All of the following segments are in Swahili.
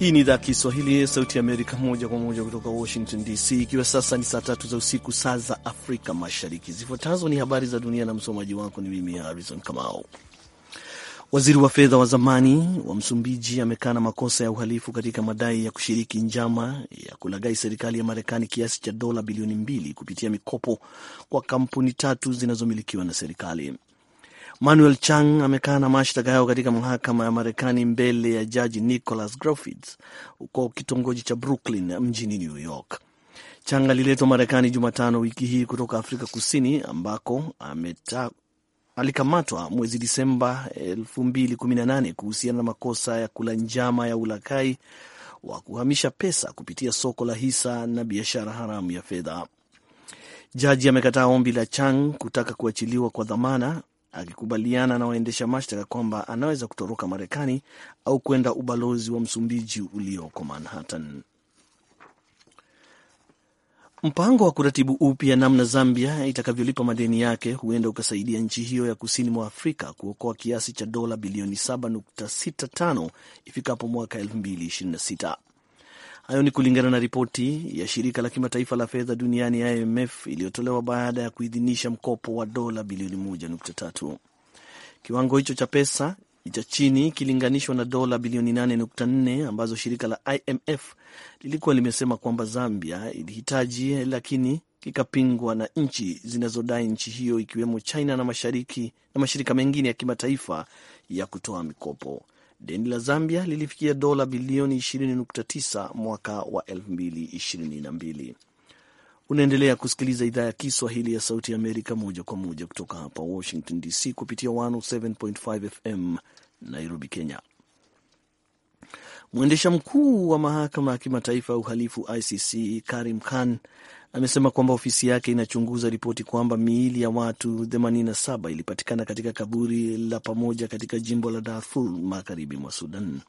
Hii ni idhaa ya Kiswahili ya Sauti ya Amerika, moja kwa moja kutoka Washington DC, ikiwa sasa ni saa tatu za usiku, saa za Afrika Mashariki. Zifuatazo ni habari za dunia na msomaji wako ni mimi Harrison Kamau. Waziri wa fedha wa zamani wa Msumbiji amekana makosa ya uhalifu katika madai ya kushiriki njama ya kulaghai serikali ya Marekani kiasi cha dola bilioni mbili kupitia mikopo kwa kampuni tatu zinazomilikiwa na serikali. Manuel Chang amekana mashtaka yao katika mahakama ya Marekani mbele ya jaji Nicholas Griffiths huko kitongoji cha Brooklyn mjini New York. Chang aliletwa Marekani Jumatano wiki hii kutoka Afrika Kusini ambako ameta alikamatwa mwezi Disemba 2018 kuhusiana na makosa ya kula njama ya ulakai wa kuhamisha pesa kupitia soko la hisa na biashara haramu ya fedha. Jaji amekataa ombi la Chang kutaka kuachiliwa kwa dhamana akikubaliana na waendesha mashtaka kwamba anaweza kutoroka Marekani au kwenda ubalozi wa Msumbiji ulioko Manhattan. Mpango wa kuratibu upya namna Zambia itakavyolipa madeni yake huenda ukasaidia nchi hiyo ya kusini mwa Afrika kuokoa kiasi cha dola bilioni 7.65 ifikapo mwaka Hayo ni kulingana na ripoti ya shirika la kimataifa la fedha duniani IMF iliyotolewa baada ya kuidhinisha mkopo wa dola bilioni 1.3. Kiwango hicho cha pesa ni cha chini ikilinganishwa na dola bilioni 8.4 ambazo shirika la IMF lilikuwa limesema kwamba Zambia ilihitaji, lakini kikapingwa na nchi zinazodai nchi hiyo ikiwemo China na mashariki na mashirika mengine ya kimataifa ya kutoa mikopo deni la Zambia lilifikia dola bilioni 20.9 mwaka wa 2022. Unaendelea kusikiliza idhaa ya Kiswahili ya Sauti ya Amerika moja kwa moja kutoka hapa Washington DC, kupitia 107.5 FM Nairobi, Kenya. Mwendesha mkuu wa mahakama ya kimataifa ya uhalifu ICC Karim Khan amesema kwamba ofisi yake inachunguza ripoti kwamba miili ya watu 87 ilipatikana katika kaburi la pamoja katika jimbo la Darfur magharibi mwa Sudan.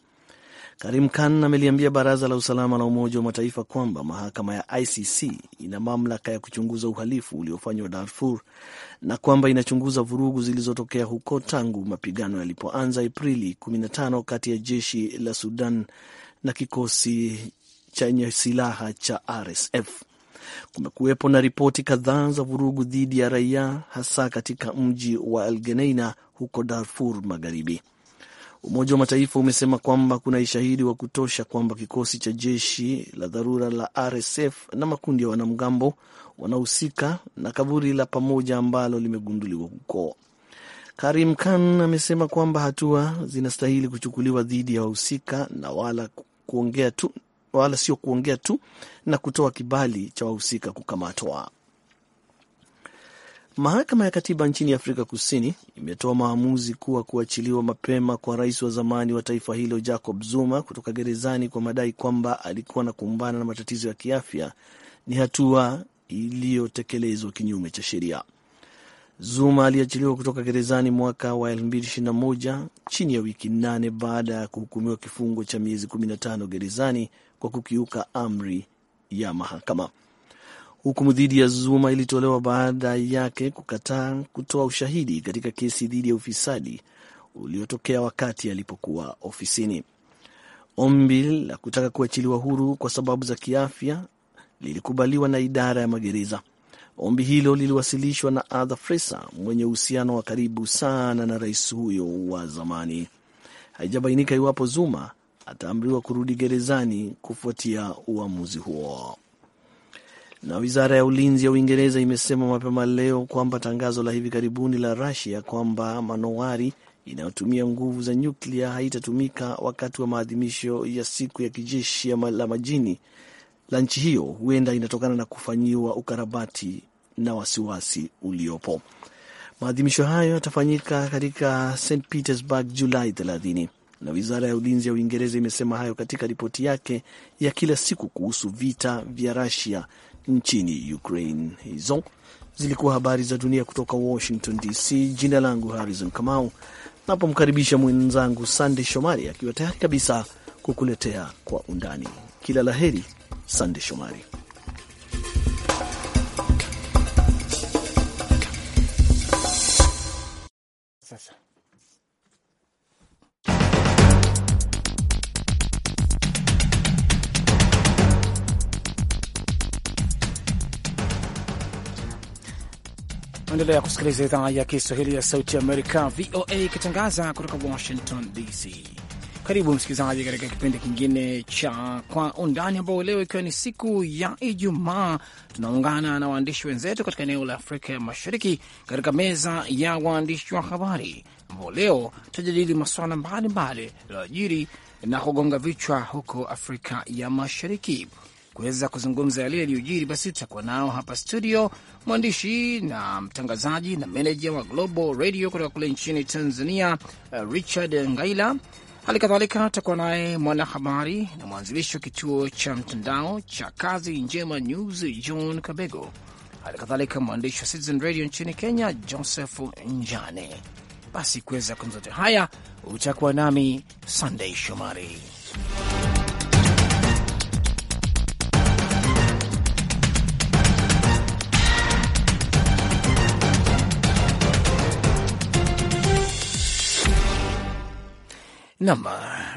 Karim Khan ameliambia baraza la usalama la Umoja wa Mataifa kwamba mahakama ya ICC ina mamlaka ya kuchunguza uhalifu uliofanywa Darfur na kwamba inachunguza vurugu zilizotokea huko tangu mapigano yalipoanza Aprili 15 kati ya jeshi la Sudan na kikosi chenye silaha cha RSF. Kumekuwepo na ripoti kadhaa za vurugu dhidi ya raia hasa katika mji wa Algeneina huko Darfur Magharibi. Umoja wa Mataifa umesema kwamba kuna ushahidi wa kutosha kwamba kikosi cha jeshi la dharura la RSF na makundi ya wanamgambo wanahusika na kaburi la pamoja ambalo limegunduliwa huko. Karim Khan amesema kwamba hatua zinastahili kuchukuliwa dhidi ya wahusika na wala kuongea tu, wala sio kuongea tu na kutoa kibali cha wahusika kukamatwa. Mahakama ya Katiba nchini Afrika Kusini imetoa maamuzi kuwa kuachiliwa mapema kwa rais wa zamani wa taifa hilo Jacob Zuma kutoka gerezani kwa madai kwamba alikuwa anakumbana na matatizo ya kiafya ni hatua iliyotekelezwa kinyume cha sheria. Zuma aliachiliwa kutoka gerezani mwaka wa 2021 chini ya wiki nane baada ya kuhukumiwa kifungo cha miezi 15 gerezani kwa kukiuka amri ya mahakama. Hukumu dhidi ya Zuma ilitolewa baada yake kukataa kutoa ushahidi katika kesi dhidi ya ufisadi uliotokea wakati alipokuwa ofisini. Ombi la kutaka kuachiliwa huru kwa sababu za kiafya lilikubaliwa na idara ya magereza. Ombi hilo liliwasilishwa na Arthur Fraser mwenye uhusiano wa karibu sana na rais huyo wa zamani. Haijabainika iwapo Zuma ataamriwa kurudi gerezani kufuatia uamuzi huo. Na wizara ya ulinzi ya Uingereza imesema mapema leo kwamba tangazo la hivi karibuni la Rusia kwamba manowari inayotumia nguvu za nyuklia haitatumika wakati wa maadhimisho ya siku ya kijeshi ya la majini la nchi hiyo huenda inatokana na kufanyiwa ukarabati na wasiwasi uliopo. Maadhimisho hayo yatafanyika katika St Petersburg Julai 30 na wizara ya ulinzi ya Uingereza imesema hayo katika ripoti yake ya kila siku kuhusu vita vya Rusia nchini Ukraine. Hizo zilikuwa habari za dunia kutoka Washington DC. Jina langu Harrison Kamau, napomkaribisha mwenzangu sandey Shomari akiwa tayari kabisa kukuletea kwa undani. Kila la heri, sandey Shomari. Unaendelea kusikiliza idhaa ya Kiswahili ya Sauti Amerika, VOA, ikitangaza kutoka Washington DC. Karibu msikilizaji katika kipindi kingine cha Kwa Undani, ambao leo ikiwa ni siku ya Ijumaa, tunaungana na waandishi wenzetu katika eneo la Afrika ya Mashariki katika meza ya waandishi wa habari, ambao leo tutajadili masuala mbalimbali yaliyoajiri na kugonga vichwa huko Afrika ya Mashariki kuweza kuzungumza yale yaliyojiri, basi tutakuwa nao hapa studio mwandishi na mtangazaji na meneja wa Global Radio kutoka kule nchini Tanzania, uh, Richard Ngaila. Hali kadhalika tutakuwa naye mwanahabari na mwanzilishi wa kituo cha mtandao cha Kazi Njema News, John Kabego. Hali kadhalika mwandishi wa Citizen Radio nchini Kenya, Joseph Njane. Basi kuweza kunzote haya utakuwa nami Sunday Shomari. Nam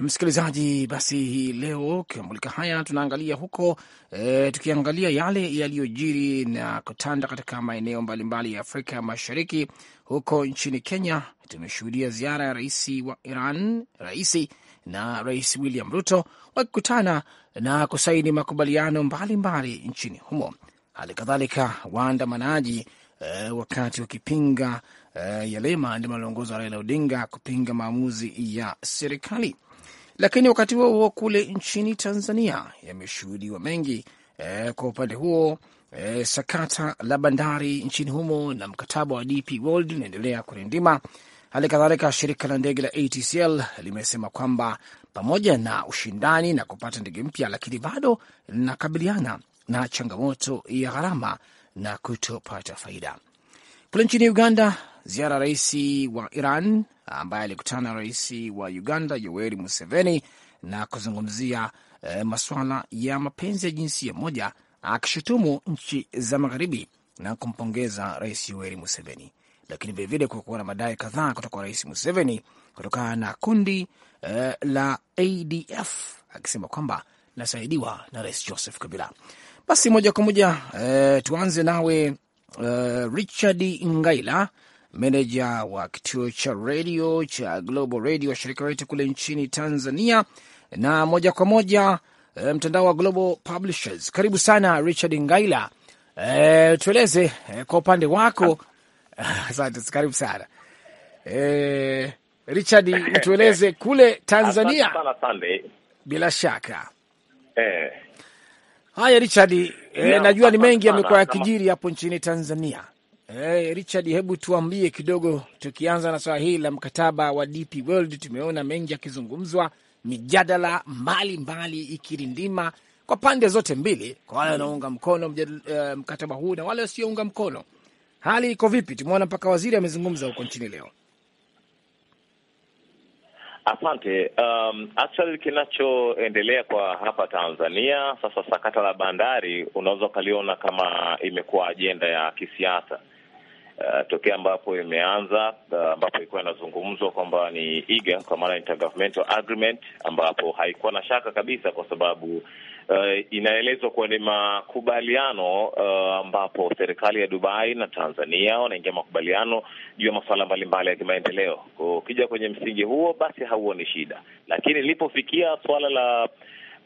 msikilizaji, basi hii leo ukiamulika haya tunaangalia huko e, tukiangalia yale yaliyojiri na kutanda katika maeneo mbalimbali ya Afrika Mashariki. Huko nchini Kenya tumeshuhudia ziara ya rais wa Iran, raisi na Rais William Ruto wakikutana na kusaini makubaliano mbalimbali mbali nchini humo. Hali kadhalika waandamanaji uh, wakati wakipinga uh, yale maandamano yaliongozwa Raila Odinga kupinga maamuzi ya serikali. Lakini wakati huo huo kule nchini Tanzania yameshuhudiwa mengi uh, kwa upande huo E, sakata la bandari nchini humo na mkataba wa DP World unaendelea kurindima. Hali kadhalika shirika la ndege la ATCL limesema kwamba pamoja na ushindani na kupata ndege mpya, lakini bado linakabiliana na changamoto ya gharama na kutopata faida. Kule nchini Uganda, ziara ya rais wa Iran ambaye alikutana na rais wa Uganda Yoweri Museveni na kuzungumzia eh, masuala ya mapenzi ya jinsia moja, akishutumu nchi za magharibi na kumpongeza rais Yoweri Museveni, lakini vilevile kukuwa na madai kadhaa kutoka rais Museveni kutokana na kundi eh, la ADF akisema kwamba nasaidiwa na rais Joseph Kabila. Basi moja kwa moja eh, tuanze nawe eh, Richard Ngaila, meneja wa kituo cha redio cha Global Radio wa shirika wetu kule nchini Tanzania, na moja kwa moja eh, mtandao wa Global Publishers. Karibu sana Richard Ngaila, eh, tueleze eh, kwa upande wako. Asante, karibu sana eh, Richard, tueleze kule Tanzania. Bila shaka eh. Haya, Richard, eh, najua ni mengi yamekuwa yakijiri hapo nchini Tanzania. Eh, Richard, hebu tuambie kidogo, tukianza na swala hili la mkataba wa DP World, tumeona mengi yakizungumzwa, mijadala mbalimbali ikirindima kwa pande zote mbili, kwa wale wanaounga mkono mjadala, uh, eh, mkataba huu na wale wasiounga mkono. Hali iko vipi? Tumeona mpaka waziri amezungumza huko nchini leo. Asante. Um, actually kinachoendelea kwa hapa Tanzania sasa, sakata la bandari unaweza ukaliona kama imekuwa ajenda ya kisiasa uh, tokea ambapo imeanza, uh, ambapo uh, ilikuwa inazungumzwa kwamba ni IGA kwa maana intergovernmental agreement, ambapo haikuwa na shaka kabisa, kwa sababu Uh, inaelezwa kuwa ni makubaliano uh, ambapo serikali ya Dubai na Tanzania wanaingia makubaliano juu ya masuala mbalimbali ya kimaendeleo. Ukija kwenye msingi huo, basi hauoni shida, lakini ilipofikia suala la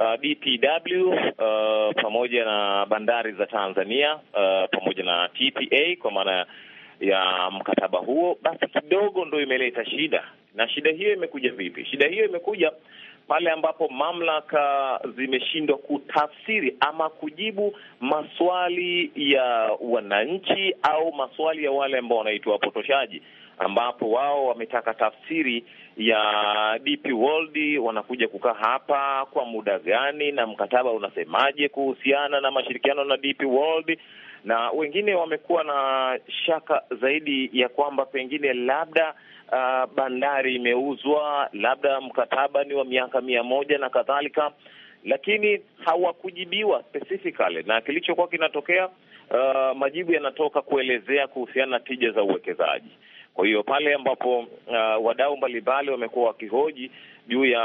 uh, DPW uh, pamoja na bandari za Tanzania uh, pamoja na TPA kwa maana ya mkataba huo, basi kidogo ndo imeleta shida. Na shida hiyo imekuja vipi? Shida hiyo imekuja pale ambapo mamlaka zimeshindwa kutafsiri ama kujibu maswali ya wananchi au maswali ya wale ambao wanaitwa wapotoshaji, ambapo wao wametaka tafsiri ya DP World, wanakuja kukaa hapa kwa muda gani na mkataba unasemaje kuhusiana na mashirikiano na DP World, na wengine wamekuwa na shaka zaidi ya kwamba pengine labda uh, bandari imeuzwa, labda mkataba ni wa miaka mia moja na kadhalika, lakini hawakujibiwa specifically, na kilichokuwa kinatokea uh, majibu yanatoka kuelezea kuhusiana na tija za uwekezaji kwa hiyo pale ambapo uh, wadau mbalimbali wamekuwa wakihoji juu ya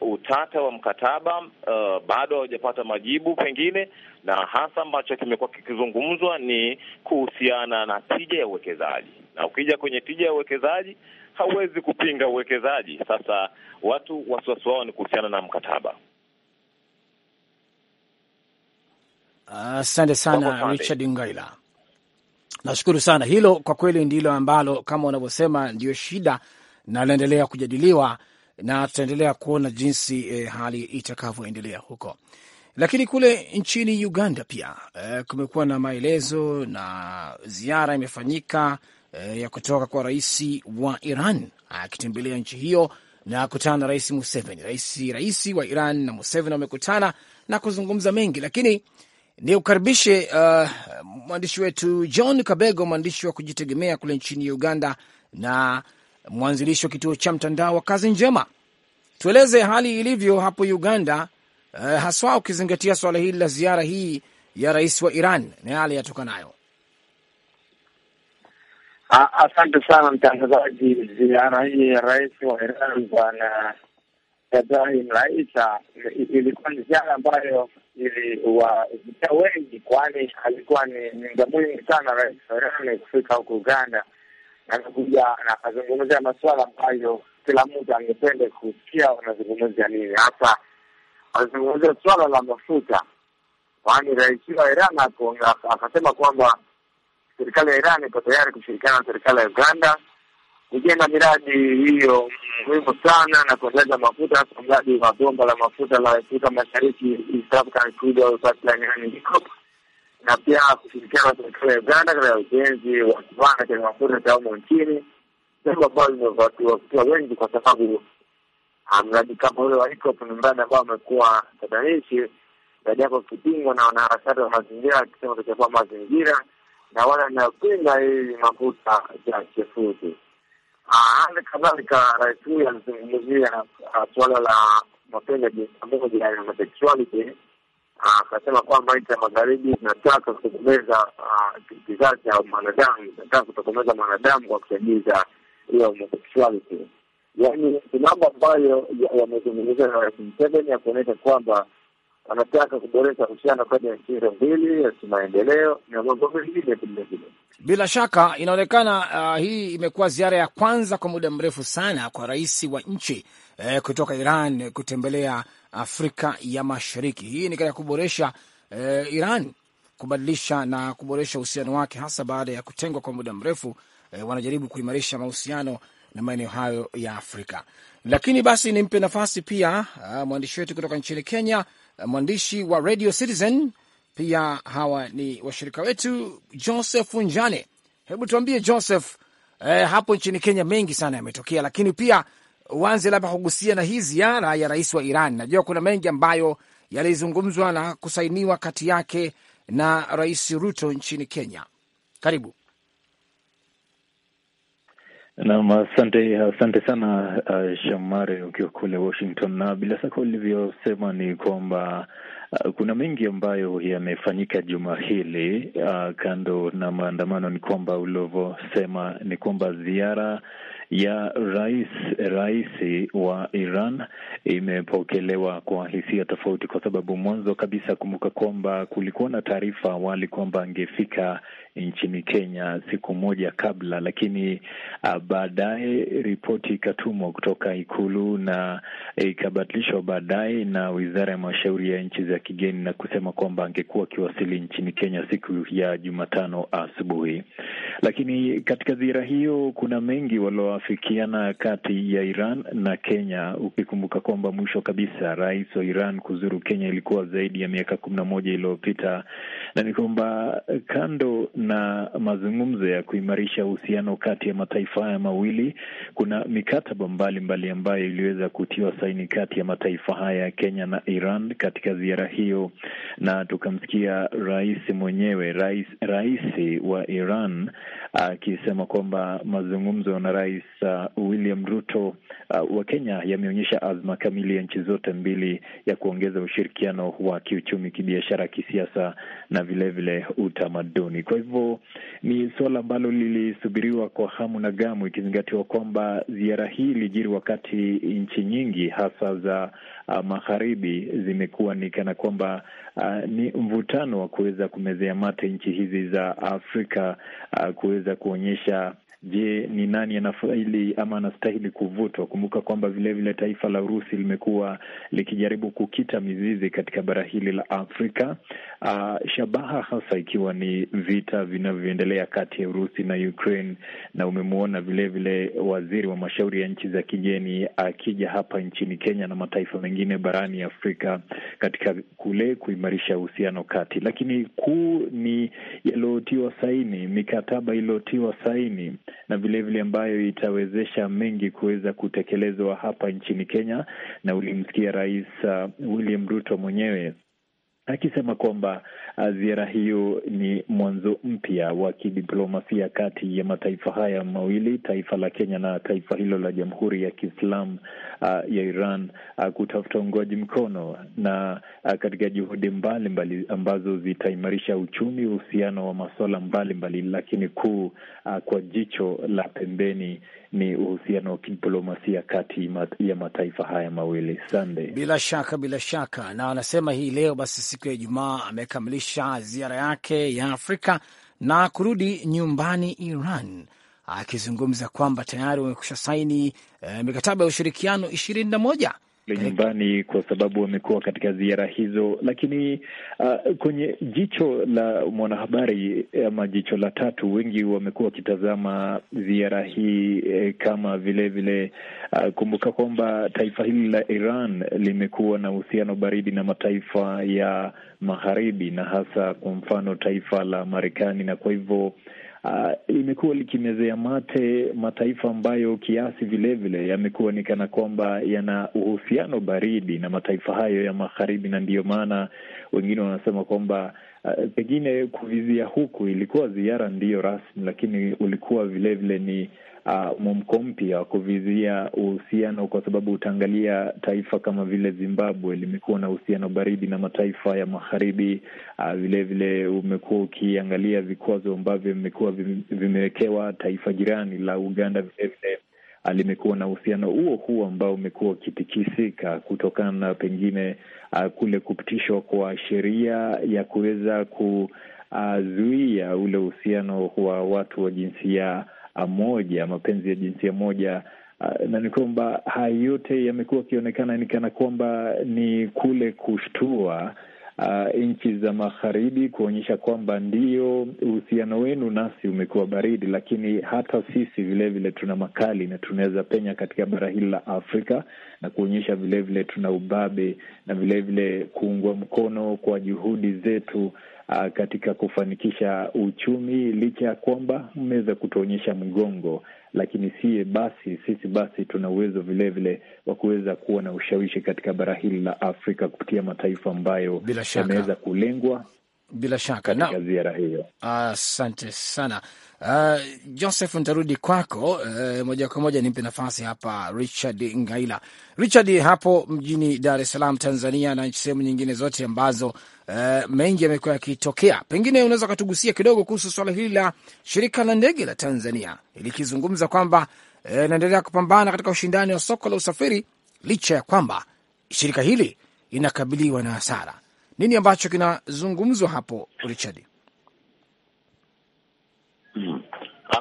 utata wa mkataba uh, bado hawajapata majibu pengine, na hasa ambacho kimekuwa kikizungumzwa ni kuhusiana na tija ya uwekezaji, na ukija kwenye tija ya uwekezaji hauwezi kupinga uwekezaji. Sasa watu wasiwasi wao ni kuhusiana na mkataba. Asante uh, sana Richard Ngaila. Nashukuru sana. Hilo kwa kweli ndilo ambalo kama unavyosema ndiyo shida na linaendelea kujadiliwa na tutaendelea kuona jinsi eh, hali itakavyoendelea huko. Lakini kule nchini Uganda pia eh, kumekuwa na maelezo na ziara imefanyika eh, ya kutoka kwa rais wa Iran akitembelea nchi hiyo na kutana na rais Museveni. Rais rais wa Iran na Museveni wamekutana na kuzungumza mengi, lakini ni ukaribishe uh, mwandishi wetu John Kabego, mwandishi wa kujitegemea kule nchini Uganda na mwanzilishi wa kituo cha mtandao wa kazi njema. Tueleze hali ilivyo hapo Uganda, uh, haswa ukizingatia swala hili la ziara hii ya rais wa Iran na yale yatokanayo. Asante sana mtangazaji. Ziara hii ya rais wa Iran bwana Ibrahim Raisa ilikuwa ni ziara ambayo iliwavutia wengi, kwani alikuwa ni muda mwingi sana Rais Kagame kufika huko Uganda, anakuja na akazungumzia masuala ambayo kila mtu angependa kusikia wanazungumzia nini. hasa wanazungumzia suala la mafuta, kwani rais wa Iran akasema kwamba serikali ya Iran iko tayari kushirikiana na serikali ya Uganda kujenga miradi hiyo muhimu sana na kuongeza mafuta, hasa mradi wa bomba la mafuta la Afrika Mashariki, East African Crude Oil Pipeline, yaani EACOP, na pia kushirikiana na serikali ya Uganda katika ujenzi wa kiwanda cha mafuta cha humo nchini, jambo ambalo limewavutia wengi kwa sababu ah, mradi kama ule wa EACOP ni mradi ambao amekuwa tatanishi, zaidi yako kipingwa na wanaharakati wa mazingira akisema tutachafua mazingira na wale wanaopinga hii mafuta ya chefuzi. Hali kadhalika rais huyu alizungumzia uh, suala la mapenzi ya homosexuality, ah, akasema kwamba nchi ya magharibi inataka kutokomeza ah, kizazi cha mwanadamu, inataka kutokomeza mwanadamu kwa kusaidiza hiyo homosexuality, yaani ni mambo ambayo yamezungumzia na rais mseveni ya kuonyesha kwamba wanataka kuboresha uhusiano kati ya nchi hizo mbili ya kimaendeleo na mambo mengine vilevile. Bila shaka inaonekana uh, hii imekuwa ziara ya kwanza kwa muda mrefu sana kwa rais wa nchi eh, kutoka Iran kutembelea Afrika ya Mashariki. Hii ni katika kuboresha eh, Iran kubadilisha na kuboresha uhusiano wake hasa baada ya kutengwa kwa muda mrefu. Eh, wanajaribu kuimarisha mahusiano na maeneo hayo ya Afrika, lakini basi nimpe nafasi pia uh, mwandishi wetu kutoka nchini Kenya Eh, mwandishi wa Radio Citizen. Pia hawa ni washirika wetu. Joseph Unjane, hebu tuambie Joseph, eh, hapo nchini Kenya mengi sana yametokea, lakini pia uanze labda kugusia na hii ziara ya rais wa Iran. Najua kuna mengi ambayo yalizungumzwa na kusainiwa kati yake na Rais Ruto nchini Kenya. Karibu. Naam, asante asante sana uh, Shamari, ukiwa kule Washington, na bila shaka ulivyosema ni kwamba uh, kuna mengi ambayo yamefanyika juma hili uh, kando na maandamano, ni kwamba ulivyosema ni kwamba ziara ya rais raisi wa Iran imepokelewa kwa hisia tofauti, kwa sababu mwanzo kabisa kumbuka kwamba kulikuwa na taarifa awali kwamba angefika nchini Kenya siku moja kabla, lakini uh, baadaye ripoti ikatumwa kutoka Ikulu na eh, ikabadilishwa baadaye na Wizara ya Mashauri ya Nchi za Kigeni na kusema kwamba angekuwa akiwasili nchini Kenya siku ya Jumatano asubuhi. Lakini katika ziara hiyo kuna mengi walioafikiana kati ya Iran na Kenya, ukikumbuka kwamba mwisho kabisa rais wa Iran kuzuru Kenya ilikuwa zaidi ya miaka kumi na moja iliyopita na ni kwamba kando na mazungumzo ya kuimarisha uhusiano kati ya mataifa haya mawili. Kuna mikataba mbalimbali ambayo iliweza kutiwa saini kati ya mataifa haya ya Kenya na Iran katika ziara hiyo, na tukamsikia rais mwenyewe, rais rais wa Iran akisema kwamba mazungumzo na rais uh, William Ruto uh, wa Kenya yameonyesha azma kamili ya nchi zote mbili ya kuongeza ushirikiano wa kiuchumi, kibiashara, kisiasa na vilevile utamaduni. Kwa hivyo hivyo ni suala ambalo lilisubiriwa kwa hamu na gamu, ikizingatiwa kwamba ziara hii ilijiri wakati nchi nyingi hasa za uh, magharibi zimekuwa ni kana kwamba uh, ni mvutano wa kuweza kumezea mate nchi hizi za Afrika uh, kuweza kuonyesha je, ni nani anafaili ama anastahili kuvutwa? Kumbuka kwamba vilevile taifa la Urusi limekuwa likijaribu kukita mizizi katika bara hili la Afrika, uh, shabaha hasa ikiwa ni vita vinavyoendelea kati ya Urusi na Ukraine, na umemwona vilevile waziri wa mashauri ya nchi za kigeni akija uh, hapa nchini Kenya na mataifa mengine barani Afrika katika kule kuimarisha uhusiano kati, lakini kuu ni yaliyotiwa saini, mikataba iliyotiwa saini na vilevile ambayo itawezesha mengi kuweza kutekelezwa hapa nchini Kenya, na ulimsikia Rais uh, William Ruto mwenyewe akisema kwamba uh, ziara hiyo ni mwanzo mpya wa kidiplomasia kati ya mataifa haya mawili, taifa la Kenya na taifa hilo la Jamhuri ya Kiislamu uh, ya Iran uh, kutafuta ungoaji mkono na uh, katika juhudi mbalimbali ambazo zitaimarisha uchumi, uhusiano wa masuala mbalimbali, lakini kuu uh, kwa jicho la pembeni ni uhusiano wa kidiplomasia kati ya mataifa haya mawili. Sande, bila shaka, bila shaka, na anasema hii leo basi siku ya Ijumaa amekamilisha ziara yake ya Afrika na kurudi nyumbani Iran, akizungumza kwamba tayari wamekusha saini e, mikataba ya ushirikiano ishirini na moja kule nyumbani kwa sababu wamekuwa katika ziara hizo. Lakini uh, kwenye jicho la mwanahabari ama jicho la tatu, wengi wamekuwa wakitazama ziara hii eh, kama vilevile vile, uh, kumbuka kwamba taifa hili la Iran limekuwa na uhusiano baridi na mataifa ya magharibi na hasa kwa mfano taifa la Marekani na kwa hivyo uh, likimezea mate mataifa ambayo kiasi vilevile yamekuwa ni kana kwamba yana uhusiano baridi na mataifa hayo ya magharibi, na ndiyo maana wengine wanasema kwamba uh, pengine kuvizia huku ilikuwa ziara ndiyo rasmi, lakini ulikuwa vilevile vile ni uh, mwamko mpya wa kuvizia uhusiano, kwa sababu utaangalia taifa kama vile Zimbabwe limekuwa na uhusiano baridi na mataifa ya magharibi. Vilevile ah, uh, umekuwa ukiangalia vikwazo ambavyo vimekuwa vimewekewa taifa jirani la Uganda vilevile vile Ah, limekuwa na uhusiano huo huo ambao umekuwa ukitikisika kutokana na pengine uh, kule kupitishwa kwa sheria ya kuweza kuzuia ule uhusiano wa watu wa jinsia ah, moja, mapenzi ya jinsia moja. Uh, na ni kwamba haya yote yamekuwa akionekana ni kana kwamba ni kule kushtua uh, nchi za magharibi kuonyesha kwamba ndio uhusiano wenu nasi umekuwa baridi, lakini hata sisi vilevile tuna makali na tunaweza penya katika bara hili la Afrika na kuonyesha vilevile tuna ubabe na vilevile kuungwa mkono kwa juhudi zetu uh, katika kufanikisha uchumi, licha ya kwamba mmeweza kutuonyesha mgongo lakini siye basi sisi basi tuna uwezo vilevile wa kuweza kuwa na ushawishi katika bara hili la Afrika kupitia mataifa ambayo yameweza kulengwa bila shaka na ziara hiyo. Asante sana. Uh, Joseph nitarudi kwako uh, moja kwa moja nimpe nafasi hapa Richard Ngaila. Richard hapo mjini Dar es Salaam Tanzania na nchi sehemu nyingine zote ambazo uh, mengi yamekuwa yakitokea, pengine unaweza ukatugusia kidogo kuhusu swala hili la shirika la ndege la Tanzania likizungumza kwamba uh, inaendelea uh, kupambana katika ushindani wa soko la usafiri licha ya kwamba shirika hili inakabiliwa na hasara. Nini ambacho kinazungumzwa hapo Richard?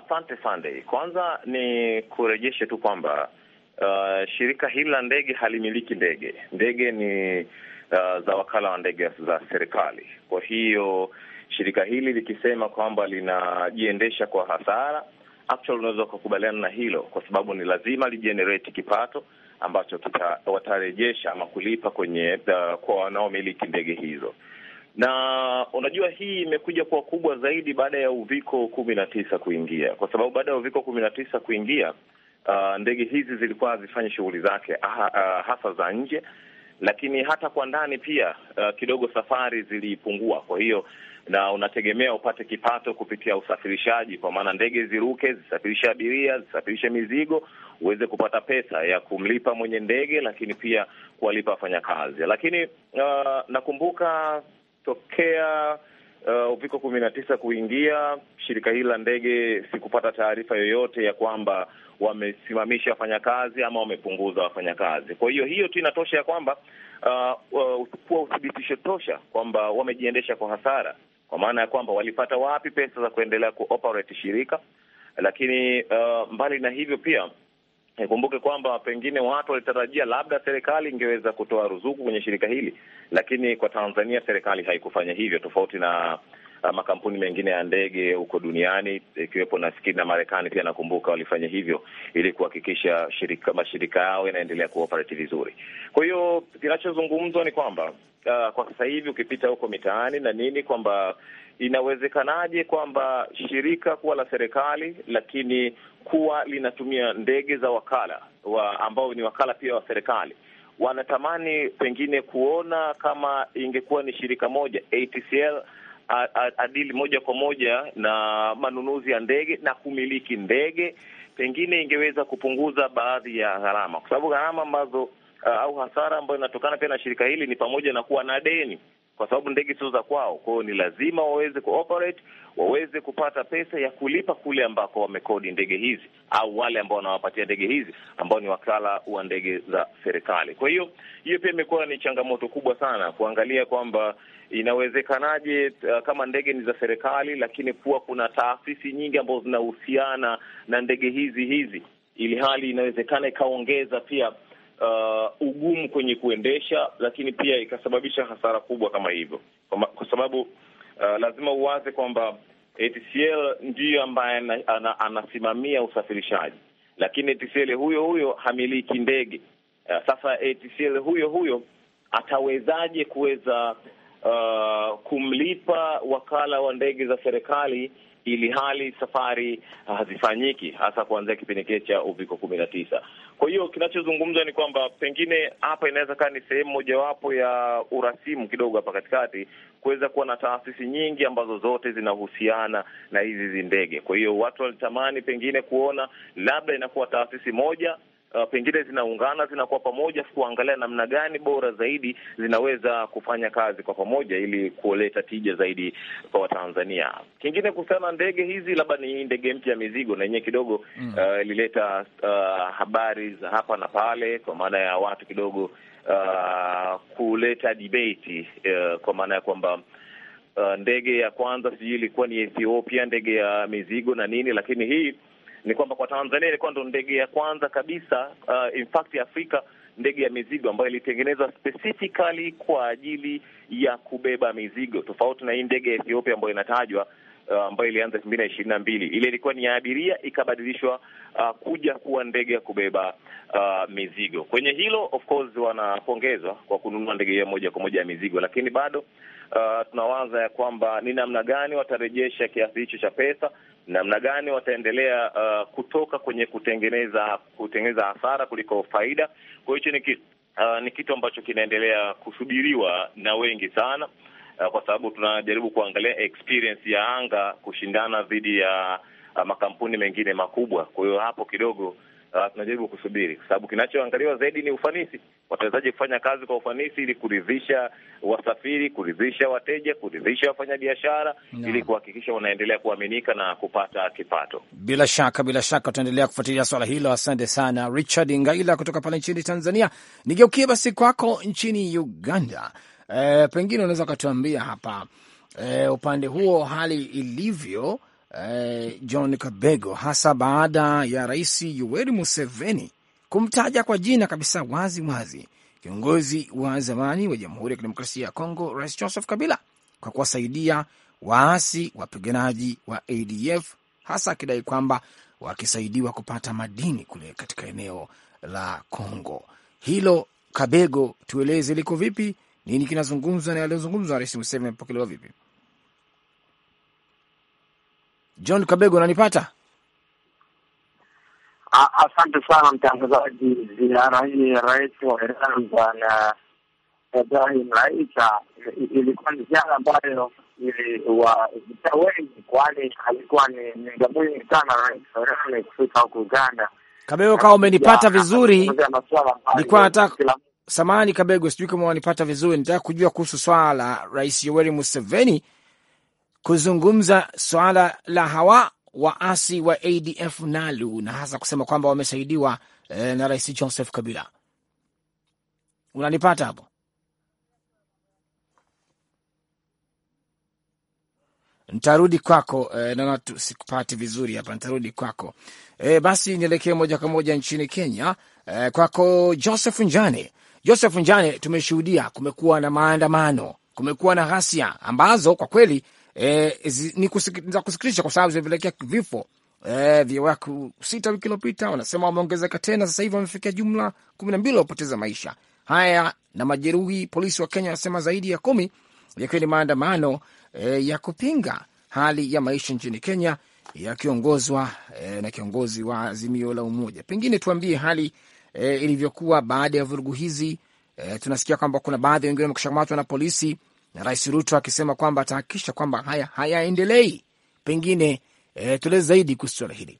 Asante Sunday. Kwanza ni kurejeshe tu kwamba uh, shirika hili la ndege halimiliki ndege. Ndege ni uh, za wakala wa ndege za serikali. Kwa hiyo shirika hili likisema kwamba linajiendesha kwa hasara, actually unaweza ukakubaliana na hilo, kwa sababu ni lazima lijenereti kipato ambacho kita, watarejesha ama kulipa kwenye uh, kwa wanaomiliki ndege hizo na unajua hii imekuja kuwa kubwa zaidi baada ya uviko kumi na tisa kuingia, kwa sababu baada ya uviko kumi na tisa kuingia, uh, ndege hizi zilikuwa hazifanye shughuli zake uh, hasa za nje, lakini hata kwa ndani pia uh, kidogo safari zilipungua. Kwa hiyo na unategemea upate kipato kupitia usafirishaji, kwa maana ndege ziruke, zisafirishe abiria, zisafirishe mizigo, uweze kupata pesa ya kumlipa mwenye ndege, lakini pia kuwalipa wafanyakazi. Lakini uh, nakumbuka tokea uh, uviko kumi na tisa kuingia, shirika hili la ndege sikupata taarifa yoyote ya kwamba wamesimamisha wafanyakazi ama wamepunguza wafanyakazi. Kwa hiyo hiyo tu inatosha ya kwamba uh, uh, kuwa uthibitisho tosha kwamba wamejiendesha kwa hasara, kwa maana ya kwamba walipata wapi pesa za kuendelea kuoperate shirika. Lakini uh, mbali na hivyo pia nikumbuke kwamba pengine watu walitarajia labda serikali ingeweza kutoa ruzuku kwenye shirika hili, lakini kwa Tanzania serikali haikufanya hivyo, tofauti na uh, makampuni mengine ya ndege huko duniani ikiwepo na skini na Marekani pia nakumbuka walifanya hivyo ili kuhakikisha shirika, mashirika yao yanaendelea kuoperate vizuri. Kwa hiyo kinachozungumzwa ni kwamba uh, kwa sasa hivi ukipita huko mitaani na nini kwamba inawezekanaje kwamba shirika kuwa la serikali lakini kuwa linatumia ndege za wakala wa ambao ni wakala pia wa serikali wanatamani pengine kuona kama ingekuwa ni shirika moja ATCL adili moja kwa moja na manunuzi ya ndege na kumiliki ndege, pengine ingeweza kupunguza baadhi ya gharama, kwa sababu gharama ambazo uh, au hasara ambayo inatokana pia na shirika hili ni pamoja na kuwa na deni kwa sababu ndege sio za kwao. Kwa hiyo ni lazima waweze kuoperate, waweze kupata pesa ya kulipa kule ambako wamekodi ndege hizi, au wale ambao wanawapatia ndege hizi ambao ni wakala wa ndege za serikali. Kwa hiyo hiyo pia imekuwa ni changamoto kubwa sana kuangalia kwamba inawezekanaje, uh, kama ndege ni za serikali, lakini kuwa kuna taasisi nyingi ambazo zinahusiana na ndege hizi hizi, ili hali inawezekana ikaongeza pia uh, ugumu kwenye kuendesha, lakini pia ikasababisha hasara kubwa kama hivyo, kwa, kwa sababu uh, lazima uwaze kwamba ATCL ndiyo ambaye anasimamia usafirishaji, lakini ATCL huyo huyo hamiliki ndege. Uh, sasa ATCL huyo huyo atawezaje kuweza uh, kumlipa wakala wa ndege za serikali ili hali safari hazifanyiki hasa kuanzia kipindi kile cha uviko kumi na tisa. Kwa hiyo kinachozungumzwa ni kwamba pengine hapa inaweza kaa ni sehemu mojawapo ya urasimu kidogo hapa katikati, kuweza kuwa na taasisi nyingi ambazo zote zinahusiana na hizi hizi ndege. Kwa hiyo watu walitamani pengine kuona labda inakuwa taasisi moja uh, pengine zinaungana zinakuwa pamoja kuangalia namna gani bora zaidi zinaweza kufanya kazi kwa pamoja ili kuleta tija zaidi kwa Watanzania. Kingine kuhusiana na ndege hizi, labda ni ndege mpya ya mizigo na yenyewe kidogo ilileta mm. uh, uh, habari za hapa na pale, kwa maana ya watu kidogo uh, kuleta debate uh, kwa maana ya kwamba uh, ndege ya kwanza sijui ilikuwa ni Ethiopia, ndege ya mizigo na nini, lakini hii ni kwamba kwa Tanzania ilikuwa ndo ndege ya kwanza kabisa, uh, in fact ya Afrika ndege ya mizigo ambayo ilitengenezwa specifically kwa ajili ya kubeba mizigo, tofauti na hii ndege ya Ethiopia ambayo inatajwa uh, ambayo uh, ilianza elfu mbili na ishirini na mbili. Ile ilikuwa ni ya abiria ikabadilishwa uh, kuja kuwa ndege ya kubeba uh, mizigo. Kwenye hilo of course wanapongezwa kwa kununua ndege hiyo moja kwa moja ya mizigo, lakini bado uh, tunawaza ya kwamba ni namna gani watarejesha kiasi hicho cha pesa namna gani wataendelea uh, kutoka kwenye kutengeneza kutengeneza hasara kuliko faida. Kwa hiyo hicho uh, ni kitu ambacho kinaendelea kusubiriwa na wengi sana uh, kwa sababu tunajaribu kuangalia experience ya anga kushindana dhidi ya uh, makampuni mengine makubwa. Kwa hiyo hapo kidogo uh, tunajaribu kusubiri, kwa sababu kinachoangaliwa zaidi ni ufanisi. watawezaji kufanya kazi kwa ufanisi ili kuridhisha wasafiri, kuridhisha wateja, kuridhisha wafanyabiashara no. ili kuhakikisha wanaendelea kuaminika na kupata kipato. Bila shaka, bila shaka tutaendelea kufuatilia swala hilo. Asante sana Richard Ngaila kutoka pale nchini Tanzania. Nigeukie basi kwako nchini Uganda. E, pengine unaweza ukatuambia hapa e, upande huo hali ilivyo Eh, John Kabego, hasa baada ya Rais Yoweri Museveni kumtaja kwa jina kabisa wazi wazi kiongozi wa zamani wa Jamhuri ya Kidemokrasia ya Kongo, Rais Joseph Kabila, kwa kuwasaidia waasi wapiganaji wa ADF, hasa akidai kwamba wakisaidiwa kupata madini kule katika eneo la Kongo. Hilo Kabego, tueleze liko vipi? Nini kinazungumzwa na yaliyozungumzwa Rais Museveni amepokelewa vipi? John Kabego, unanipata? Ah, asante sana mtangazaji. Ziara hii ya rais wa Iran bwana Ibrahim Raisa ilikuwa ni ziara ambayo iliwavutia wengi, kwani alikuwa ni muda mwingi sana rais wa Iran kufika huku Uganda. Kabego, kama umenipata vizuri, nilikuwa nataka samani Kabego, sijui kama wanipata vizuri, nitaka kujua kuhusu swala la rais Yoweri Museveni kuzungumza swala la hawa waasi wa ADF NALU na hasa kusema kwamba wamesaidiwa eh, na Rais Joseph Kabila. Unanipata hapo? Ntarudi kwako eh, naona sikupati vizuri hapa, ntarudi kwako eh, basi nielekee moja kwa moja nchini Kenya eh, kwako Joseph Njane. Joseph Njane, tumeshuhudia kumekuwa na maandamano, kumekuwa na ghasia ambazo kwa kweli e, ni za kusikitisha kwa sababu zimepelekea vifo eh, vya watu sita wiki iliyopita. Wanasema wameongezeka tena, sasa hivi wamefikia jumla kumi na mbili wapoteza maisha haya na majeruhi. Polisi wa Kenya wanasema zaidi ya kumi, yakiwa ni maandamano eh, ya kupinga hali ya maisha nchini Kenya yakiongozwa eh, na kiongozi wa Azimio la Umoja. Pengine tuambie hali eh, ilivyokuwa baada ya vurugu hizi. Eh, tunasikia kwamba kuna baadhi wengine wamekushakamatwa na polisi na Rais Ruto akisema kwamba atahakikisha kwamba haya hayaendelei. Pengine e, tueleze zaidi kuhusu suala hili.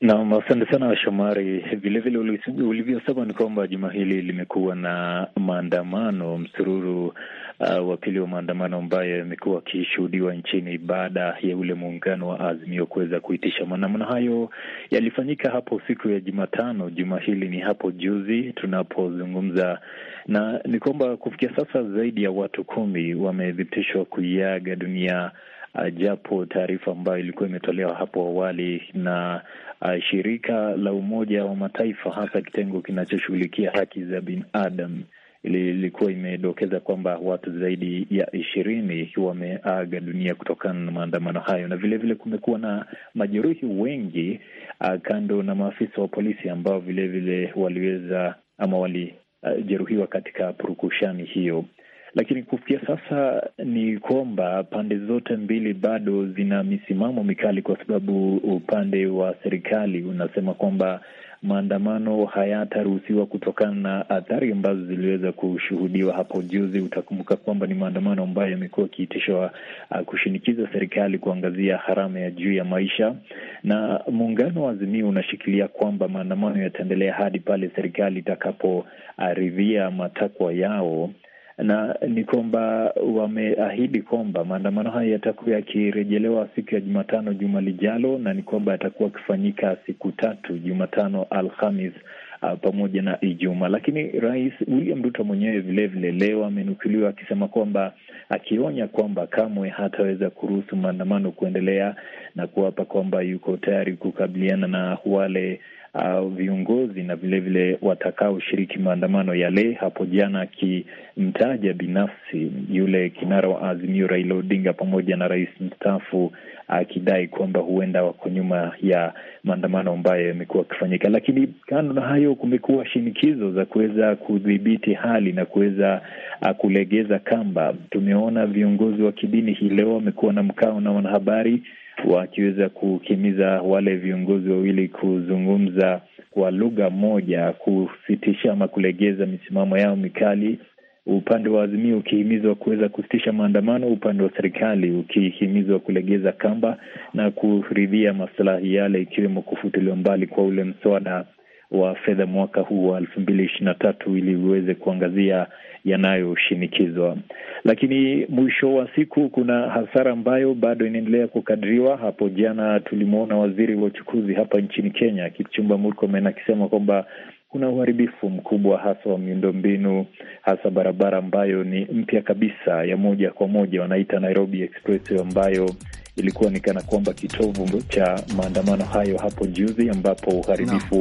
Naam, asante sana Shomari. Vilevile ulivyosema ni kwamba juma hili limekuwa na maandamano msururu uh, wa pili wa maandamano ambayo yamekuwa akishuhudiwa nchini baada ya ule muungano wa Azimio kuweza kuitisha maandamano hayo. Yalifanyika hapo siku ya Jumatano, juma hili ni hapo juzi tunapozungumza, na ni kwamba kufikia sasa zaidi ya watu kumi wamethibitishwa kuiaga dunia Ah, japo taarifa ambayo ilikuwa imetolewa hapo awali na uh, shirika la Umoja wa Mataifa, hasa kitengo kinachoshughulikia haki za binadamu ilikuwa imedokeza kwamba watu zaidi ya ishirini wameaga dunia kutokana na maandamano hayo, na vilevile kumekuwa na majeruhi wengi uh, kando na maafisa wa polisi ambao vilevile waliweza ama walijeruhiwa uh, katika purukushani hiyo. Lakini kufikia sasa ni kwamba pande zote mbili bado zina misimamo mikali, kwa sababu upande wa serikali unasema kwamba maandamano hayataruhusiwa kutokana na athari ambazo ziliweza kushuhudiwa hapo juzi. Utakumbuka kwamba ni maandamano ambayo yamekuwa akiitishwa uh, kushinikiza serikali kuangazia gharama ya juu ya maisha, na muungano wa Azimio unashikilia kwamba maandamano yataendelea hadi pale serikali itakaporidhia uh, matakwa yao na ni kwamba wameahidi kwamba maandamano haya yatakuwa yakirejelewa siku ya Jumatano juma lijalo, na ni kwamba yatakuwa akifanyika siku tatu, Jumatano, Alhamis uh, pamoja na Ijumaa. Lakini Rais William Ruto mwenyewe vilevile leo amenukuliwa akisema kwamba, akionya kwamba kamwe hataweza kuruhusu maandamano kuendelea na kuapa kwamba yuko tayari kukabiliana na wale uh, viongozi na vilevile watakaoshiriki maandamano yale, hapo jana akimtaja binafsi yule kinara wa Azimio Raila Odinga pamoja na rais mstaafu akidai uh, kwamba huenda wako nyuma ya maandamano ambayo yamekuwa akifanyika. Lakini kando na hayo, kumekuwa shinikizo za kuweza kudhibiti hali na kuweza uh, kulegeza kamba. Tumeona viongozi wa kidini hii leo wamekuwa na mkao na wanahabari wakiweza kukimiza wale viongozi wawili kuzungumza kwa lugha moja, kusitisha ama kulegeza misimamo yao mikali, upande wa Azimio ukihimizwa kuweza kusitisha maandamano, upande wa serikali ukihimizwa kulegeza kamba na kuridhia masilahi yale, ikiwemo kufutiliwa mbali kwa ule mswada wa fedha mwaka huu wa elfu mbili ishirini na tatu ili uweze kuangazia yanayoshinikizwa. Lakini mwisho wa siku, kuna hasara ambayo bado inaendelea kukadiriwa. Hapo jana tulimwona waziri wa uchukuzi hapa nchini Kenya, Kipchumba Murkomen, akisema kwamba kuna uharibifu mkubwa hasa wa miundombinu, hasa barabara ambayo ni mpya kabisa ya moja kwa moja, wanaita Nairobi Expressway ambayo ilikuwa ni kana kwamba kitovu cha maandamano hayo hapo juzi, ambapo uharibifu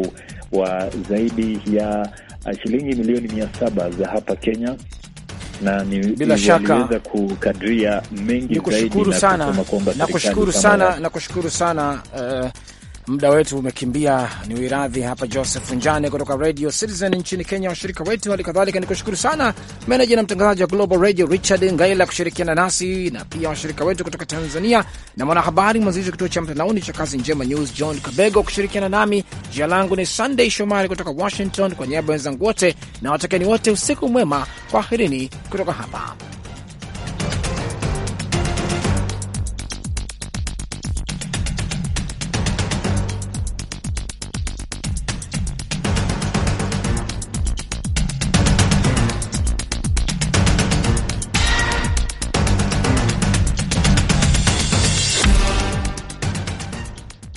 no. wa zaidi ya ah, shilingi milioni mia saba za hapa Kenya na ni bila shaka kukadiria mengi zaidi na kusema kwamba na kushukuru sana, na kushukuru sana uh, Muda wetu umekimbia, ni wiradhi hapa Joseph Njane kutoka Radio Citizen nchini Kenya, washirika wetu. Hali kadhalika ni kushukuru sana meneja na mtangazaji wa Global Radio Richard Ngaila kushirikiana nasi na pia washirika wetu kutoka Tanzania na mwanahabari mwanzilishi kituo cha mtandaoni cha Kazi Njema News John Kabego kushirikiana nami. Jina langu ni Sunday Shomari kutoka Washington, kwa niaba ya wenzangu wote na watakeni wote usiku mwema, kwaherini kutoka hapa.